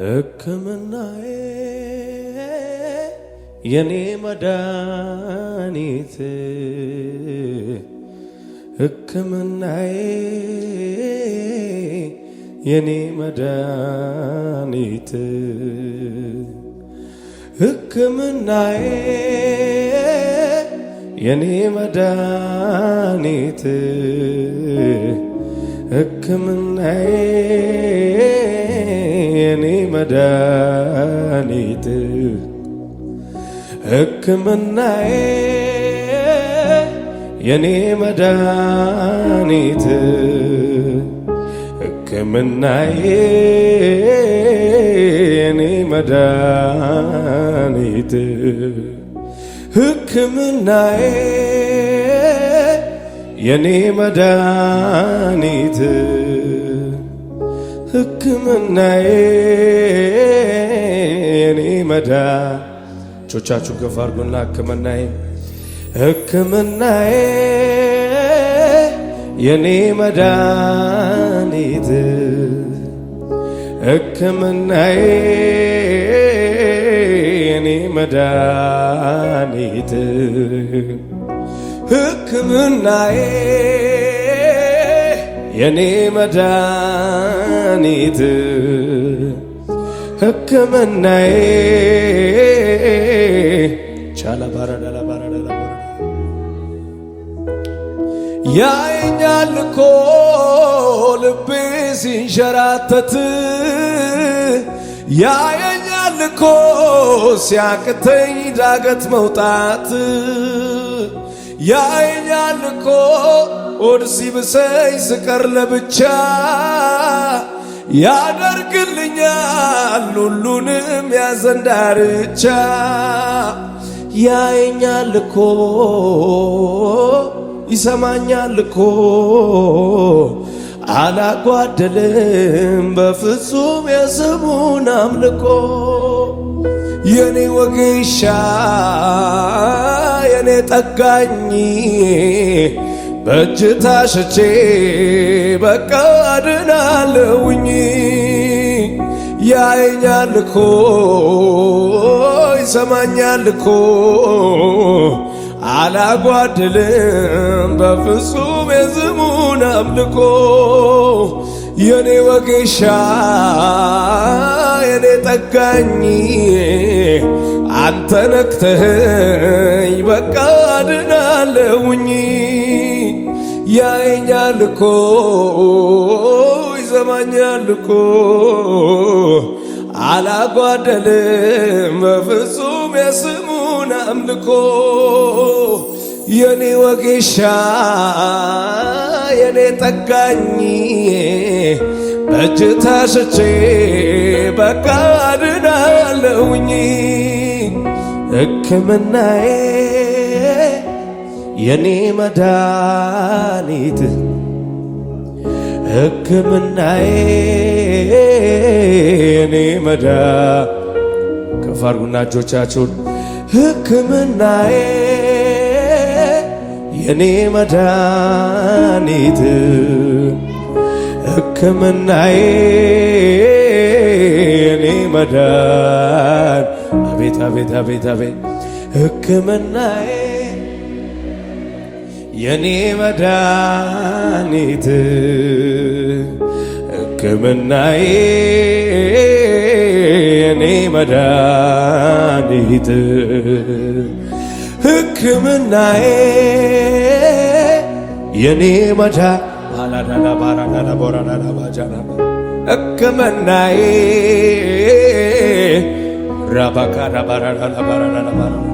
ሕክምናዬ የኔ መድኃኒት ሕክምናዬ የኔ መድኃኒት ሕክምናዬ የኔ መድኃኒት ሕክምናዬ መድኃኒት ሕክምናዬ የኔ መድኃኒት ሕክምናዬ የኔ መድኃኒት ሕክምናዬ የኔ መድኃኒት ሕክምናዬ የኔ መዳን እጆቻችሁ ከፍ አድርጉና ሕክምናዬ ሕክምናዬ የኔ መድኃኒት ሕክምናዬ የኔ መድኃኒት ሕክምናዬ የኔ መድኃኒት ሕክምናዬ ቻላባረዳላባረዳላ ያይኛል እኮ ልቤ ሲንሸራተት ያየኛል እኮ ሲያቅተኝ ዳገት መውጣት ያየኛል እኮ ሆድ ሲብሰኝ ስቀር ለብቻ ያደርግልኛል ሁሉንም ያዘንዳርቻ ያየኛል እኮ ይሰማኛል እኮ አላጓደልም በፍጹም የስሙን አምልኮ የኔ ወጌሻ የኔ ጠጋኝ በእጅ ታሸቼ በቃ አድናለሁኝ ያየኛል እኮ ይሰማኛል እኮ አላጓድልም በፍጹም የዝሙን አምልኮ የኔ ወጌሻ የኔ ጠጋኝ አንተ ነክተኸኝ በቃ አድናለሁኝ ያየኛል እኮ ይሰማኛል እኮ አላጓደልም በፍጹም የስሙን አምልኮ የኔ ወጌሻ የኔ ጠጋኝ በእጅ ታሽቼ በቃ ድናለሁኝ ሕክምናዬ የኔ መድኃኒት ሕክምናዬ የኔ መዳ ከፍ አድርጉና እጆቻችሁን ሕክምናዬ የኔ መድኃኒት ሕክምናዬ የኔ መዳን አቤት አቤት አቤት አቤት ሕክምናዬ የኔ መድኃኒት ሕክምናዬ የኔ መድኃኒት ሕክምናዬ የኔ መዳ አላዳላ ባራዳላ ቦራዳላ ባጃና ሕክምናዬ ራባካ ራባራዳላ ባራዳላ ባራዳላ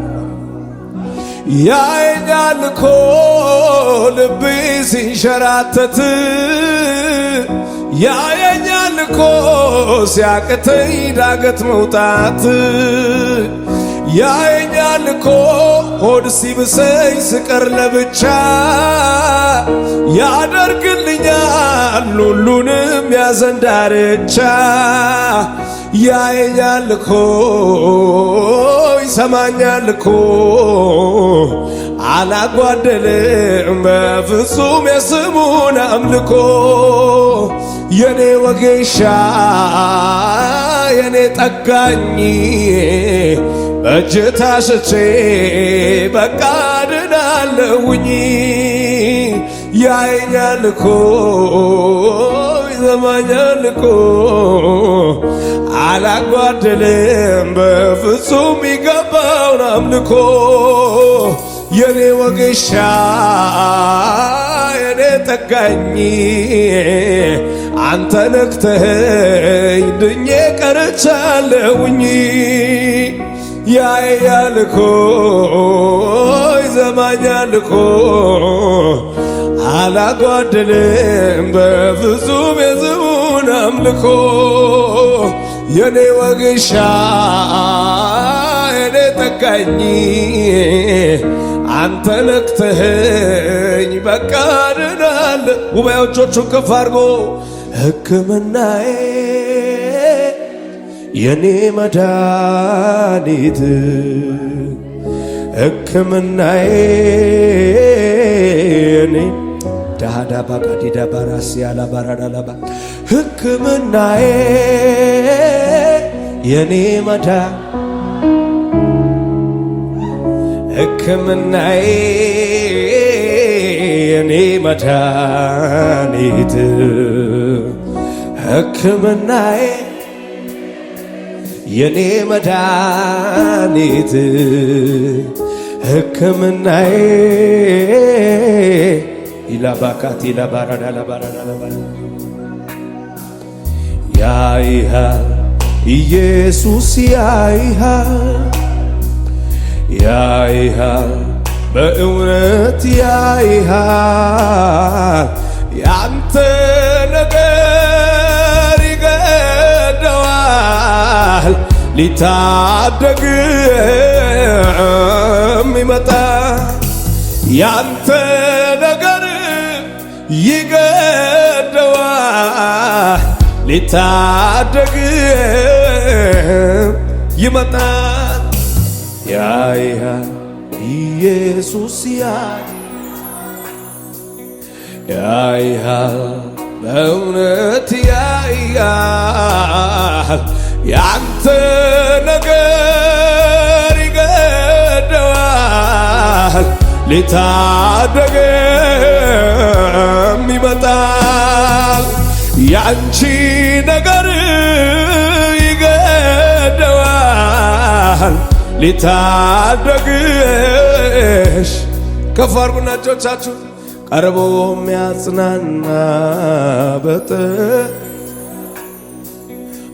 ያይኛል እኮ ልቤ ሲንሸራተት ያየኛል እኮ ሲያቅተኝ ዳገት መውጣት ያየኛል እኮ ሆድ ሲብሰኝ ስቀር ለብቻ ያደርግልኛል ሁሉንም ያዘን ዳርቻ ያየኛል እኮ ይሰማኛል እኮ አላጓደልም በፍጹም የስሙን አምልኮ የኔ ወጌሻ የኔ ጠጋኝ በእጅ ታስቼ በቃ ድናለውኝ ያየኛል እኮ ይሰማኛል እኮ አላጓደልም በፍጹም ይገባውን አምልኮ የኔ ወገሻ የኔ ጠጋኝ አንተ ነክተኸኝ ድኜ ቀረቻለሁኝ ያያልኮ ይዘማኛልኮ አላጓደለም በፍጹም የዝሙን አምልኮ የኔ ወግሻ የኔ ጠጋኝ አንተ ነክተኸኝ በቃ ድናለ ጉባኤዎቹን ከፍ አድርጎ ሕክምናዬ የኔ መድኃኒት ሕክምናዬ የኔ ዳሃዳባ ባዲዳባራስ ያላባራዳላባ ሕክምናዬ የኔ መዳ ሕክምናዬ የኔ መድኃኒት ሕክምናዬ የኔ መድኃኒት ሕክምናዬ إلى باكات إلى بارد إلى بارد إلى يا إيها يسوس يا إيها يا إيها بأونات يا إيها يا أنت نبر جدوال لتعدك أمي متى يا ይገደዋል ሊታደግ ይመጣል። ያያ ኢየሱስ ያይ ያያል በእውነት ያያል። ያንተ ነገር ይገደዋል ሊታደገም ይመጣል። ያንቺ ነገር ይገደዋል። ሊታደግሽ ከፍ አድርጉና እጆቻችሁ ቀርቦ የሚያጽናና በጥ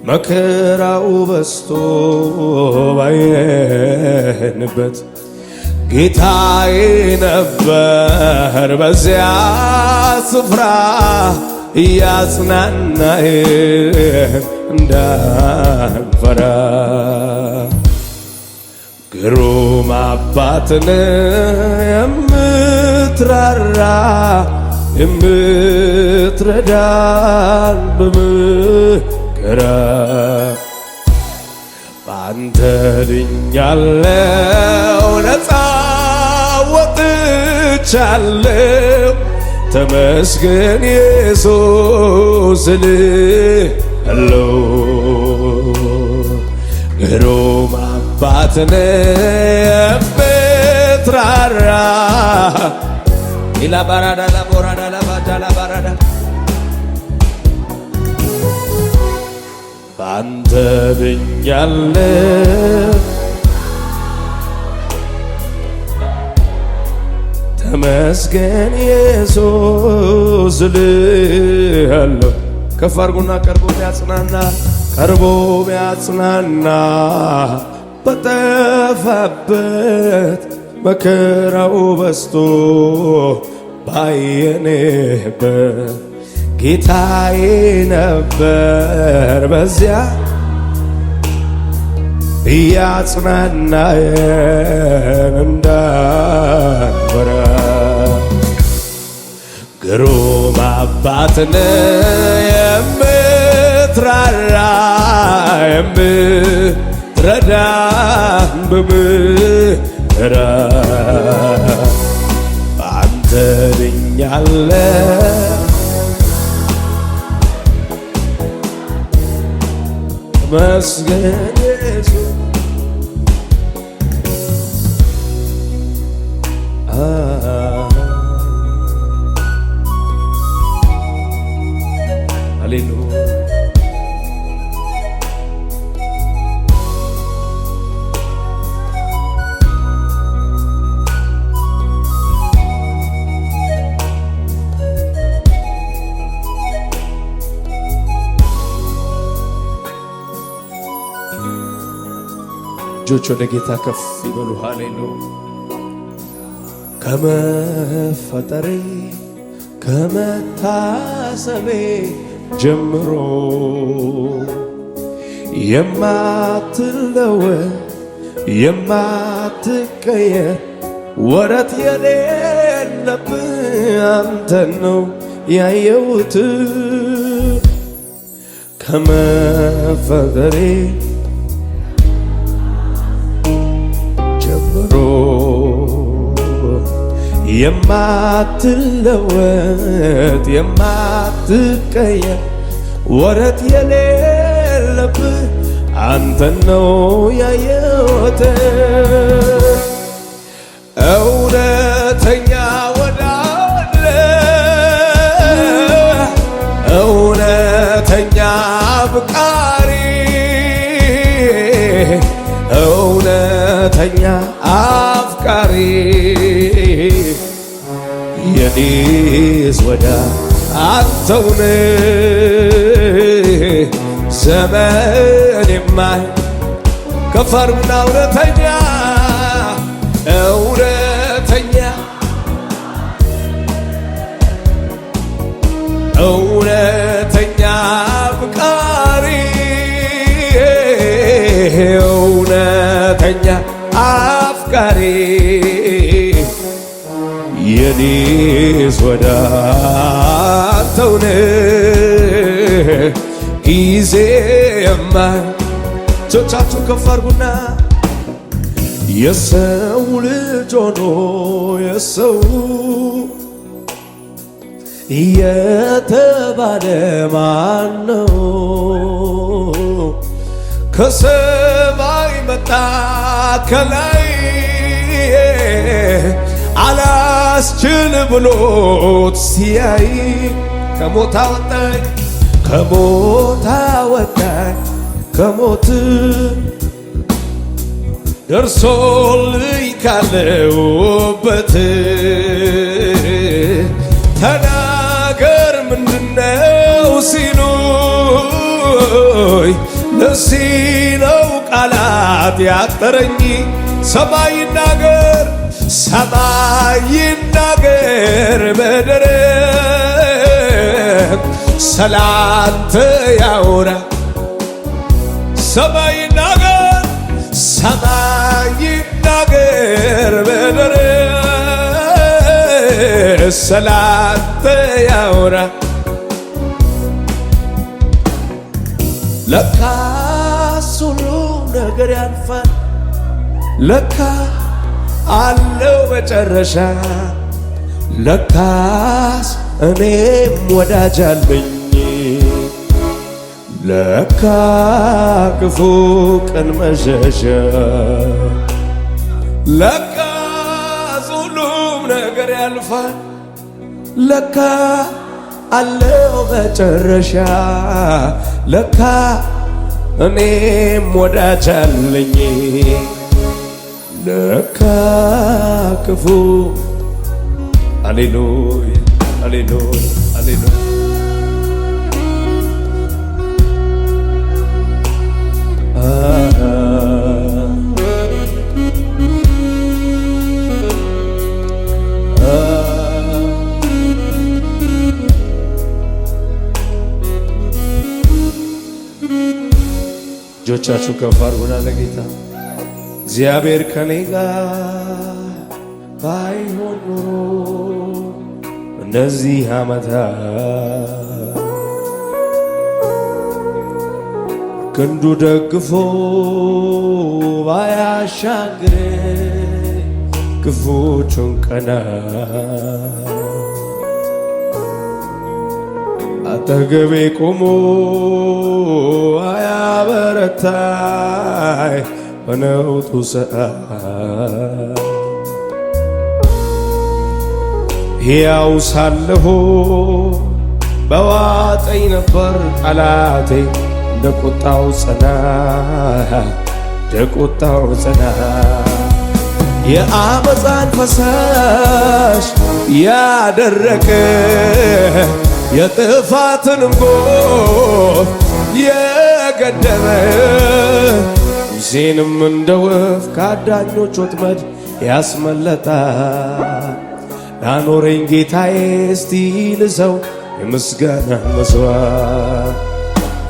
መከራው በስቶ ባየንበት ጌታዬ ነበር በዚያ ስፍራ እያጽናናይ እንዳንፈራ ግሩም አባትን የምትራራ የምትረዳን በምክረ አንተ ድኛለው፣ ነፃ ወጥቻለው፣ ተመስገን ኢየሱስ እልሃለሁ። ግሩም አባት ኢላ ባራዳላ ቦራዳላ አንተ ብኛለ ተመስገን ኢየሱስ ልሃለሁ። ከፍ ቀርቦ ቢያጽናና ቀርቦ ቢያጽናና በጠፋበት መከራው በስቶ ባየኔበት ጌታዬ ነበር በዚያ እያጽናናየን እንዳንበረ ግሩም አባትን የምትራራ የምትረዳ በምሕረት አንተ ድኛለሁ mas né? እጆች ወደ ጌታ ከፍ ይበሉ። ሃሌሉያ ከመፈጠሬ ከመታሰቤ ጀምሮ የማትለወጥ የማትቀየር ወረት የሌለብህ አንተን ነው ያየሁት ከመፈጠሬ የማትለወጥ የማትቀየር ወረት የሌለብህ አንተን ነው ያየሁት። እውነተኛ ወዳለ እውነተኛ አፍቃሪ እውነተኛ አፍቃሪ ከእኔስ ወዲያ አንተውን ዘመን የማይ ከፋርና እውነተኛ እውነተኛ እውነተኛ አፍቃሪ እውነተኛ አፍቃሪ የኔስ ወደ አንተውነ ጊዜ የማይ እጆቻችሁ ከፍ አድርጉና የሰው ልጅ ሆኖ የሰው የተባለ ማን ነው? ከሰማይ መጣ ከላይ ላስችል ብሎት ሲያይ ከሞት አወጣኝ ከሞት አወጣኝ ከሞት ደርሶልኝ ካለውበት ተናገር ምንድነው ሲሉኝ ለዚህ ነው ቃላት ያጠረኝ ሰማይ ይናገር ሰማይ ይናገር ምድር ስላንተ ያውራ ሰማይ ይናገር ሰማይ ይናገር ምድር ስላንተ ያውራ ለካስ ሁሉ ነገር ያልፋል ለካ አለው መጨረሻ። ለካስ እኔም ወዳጅ አለኝ ለካ ክፉ ቀን መሸሸ ለካስ ሁሉም ነገር ያልፋል ለካ አለው መጨረሻ ለካ እኔም ወዳጅ አለኝ ለካ ክፉ አሌሉይ አሌሉይ አሌሉይ እጆቻችሁ ከፍ አድርጉና ለጌታ እግዚአብሔር ከኔ ጋር ባይሆን ኖሮ እነዚህ ዓመታት ክንዱ ደግፎ ባያሻግር ክፉቹን ቀናት አጠገቤ ቆሞ አያበረታይ በነውጡ ሰዓት ሕያው ሳለሁ በዋጠኝ ነበር ጠላቴ እንደ ቁጣው ጸና እንደ ቁጣው ጸና የአመፃን ፈሳሽ ያደረቀ የጥፋትን ጎፍ የገደበ ጊዜንም እንደ ወፍ ከአዳኞች ወጥመድ ያስመለጣ ላኖረኝ ጌታዬ እስቲ ልሰው የምስጋና መስዋዕት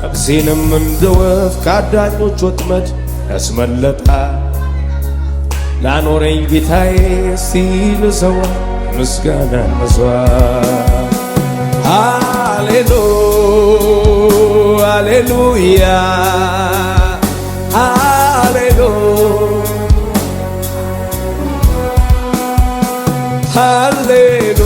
ነፍሴንም እንደ ወፍ ከአዳኞች ወጥመድ ያስመለጣ ላኖረኝ ጌታዬ እስቲ ልሰው የምስጋና መስዋዕት ሃሌሉ ሃሌሉያ ሃሌሉ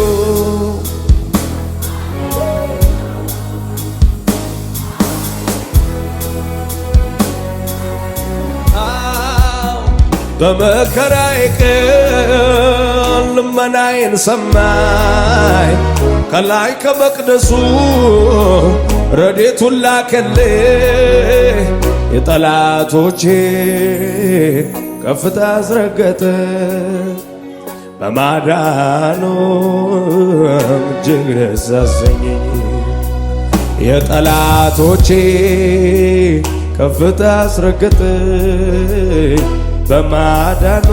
በመከራዬ ቀን ልመናዬን ሰማኝ ከላይ ከመቅደሱ ረዴቱን ላከልኝ የጠላቶቼ ከፍታ አስረገጠ በማዳኑ እጅግ ደስ አሰኘ። የጠላቶቼ ከፍታ አስረገጠ በማዳኑ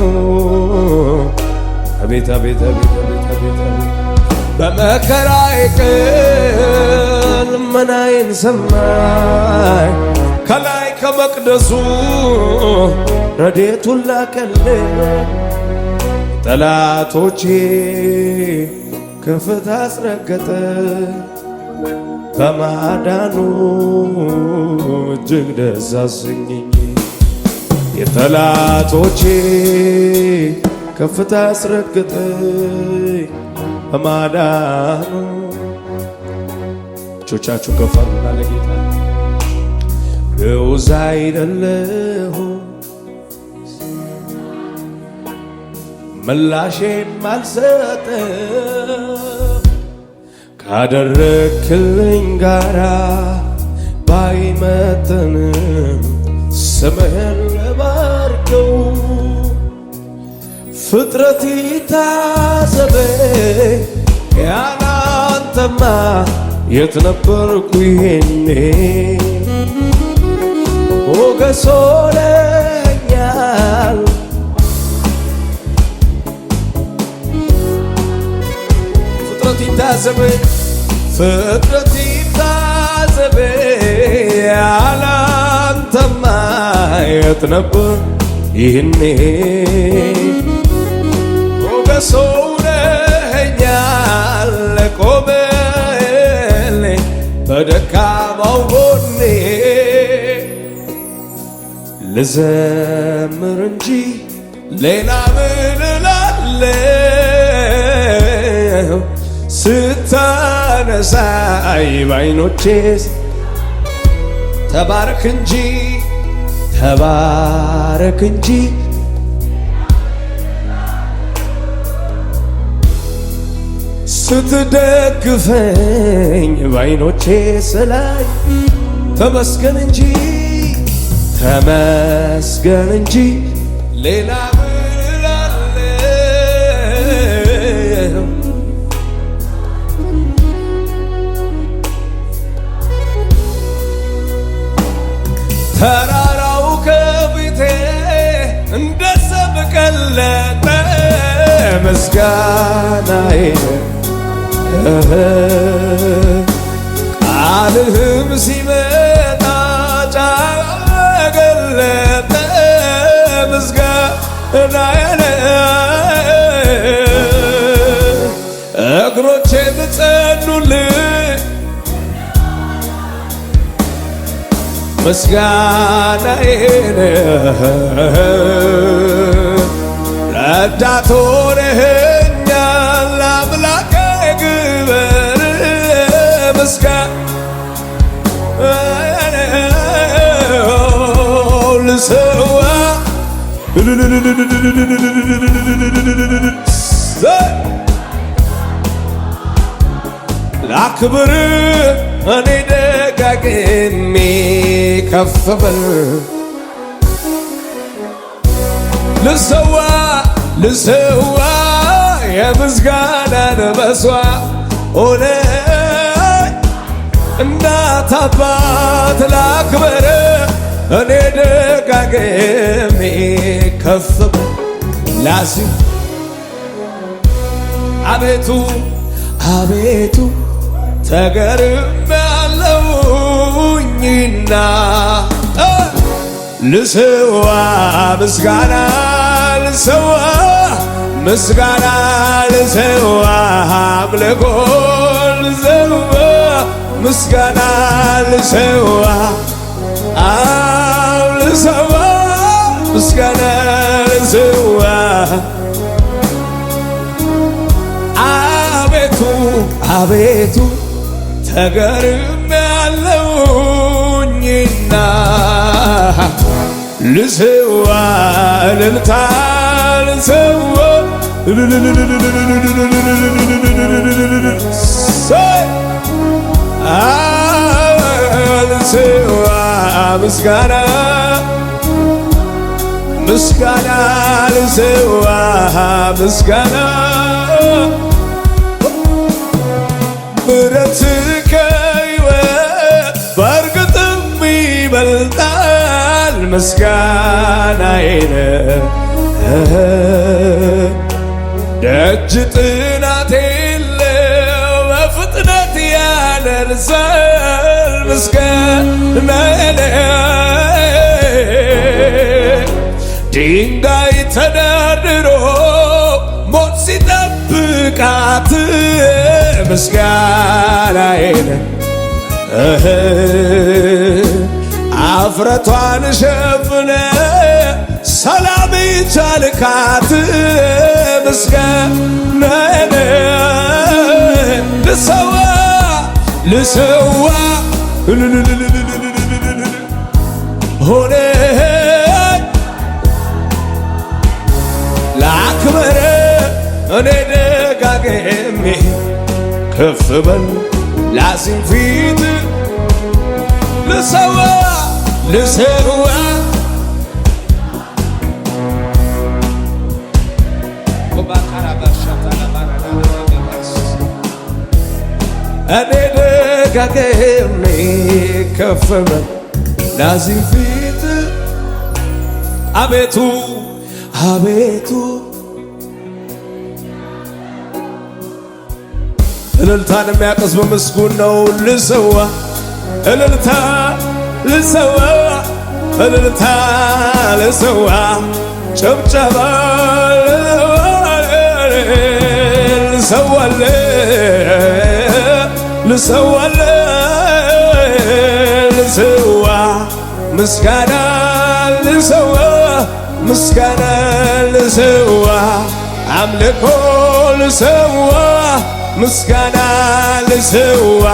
አቤት አቤት አቤት አቤት አቤት በመከራዬ ቀን ልመናዬን ሰማኝ ከላይ ከመቅደሱ ረድኤቱን ላከልኝ ጠላቶቼ ከፍታ አስረገጠ በማዳኑ እጅግ ደስ አሰኘኝ። የጠላቶቼ ከፍታ አስረገጠ በማዳኑ እጆቻችሁ ከፍ ለጌታ ግዑዝ አይደለሁ ምላሼም አልሰጥም ካደረክልኝ ጋራ ባይመጥንም ስምህን ለባርከው ፍጥረት ታዘበ ያላንተማ የት ነበርኩ ይሄኔ ሞገሶ ይታዘበ ፍጥረት ይታዘበ ያላንተማ የት ነበር ይህኔ ሞገሶነኛል ለቆመል በደካማው ጎኔ ልዘምር እንጂ ሌላ ምን እላለሁ ስታነሳይ ባይኖቼስ ተባረክ እንጂ ተባረክ እንጂ ስትደግፈኝ ባይኖቼ ስላይ ተመስገን እንጂ ተመስገን እንጂ ሌላ ተራራው ከፊቴ እንደ ሰም ቀለጠ። ምስጋናዬ ቃልህም ሲመጣ ጫገለጠ ምስጋናዬ ምስጋናዬን ረዳት ሆነኸኛል አምላኬ ግበር ምስጋናዬን ልሰዋ እኔ ደጋግሜ ከፍ በል ልሰዋ ልሰዋ የምስጋናን መስዋዕት ሆነ እናት አባት ላክብር እኔ ደጋግሜ ከፍ በል አቤቱ አቤቱ ተገርም አለኝና ልሰዋ ምስጋና ልሰዋ ምስጋና ልሰዋ አምልኮ ልሰዋ ምስጋና ልሰዋ አብ ልሰዋ ምስጋና ልሰዋ አቤቱ አቤቱ ልስዋ እልልታ ልስዋ ልስዋ ምረት ከይወ በእርግጥም ይበልጣ ምስጋናዬ ነው ደጅ ጥናት የለው በፍጥነት ያደርሳል ምስጋናዬ ድንጋይ ተደርድሮ ሞት ሲጠብቃት ምስጋናዬ ነው ኀፍረቷን ሸፍነ ሰላም ይቻልካት ምስጋናዬን ልሰዋ ልሰዋ ሆነ ላክብር እኔ ደጋግሜ ከፍ በል ላሲን ፊት ልሰዋ ልሰዋ እኔ ደጋግሜ ከፍ በል ፊት አቤቱ አቤቱ እልልታን የሚያቀስ በምስጉን ነው ልሰዋ እልልታ ልሰዋ እልልታ ልሰዋ ጭብጨባ ልሰዋለ ልሰዋለ ልሰዋ ምስጋና ልሰዋ ምስጋና ልሰዋ አምልኮ ልሰዋ ምስጋና ልሰዋ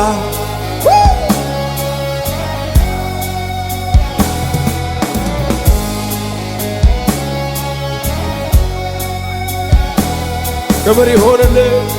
Somebody hold it there.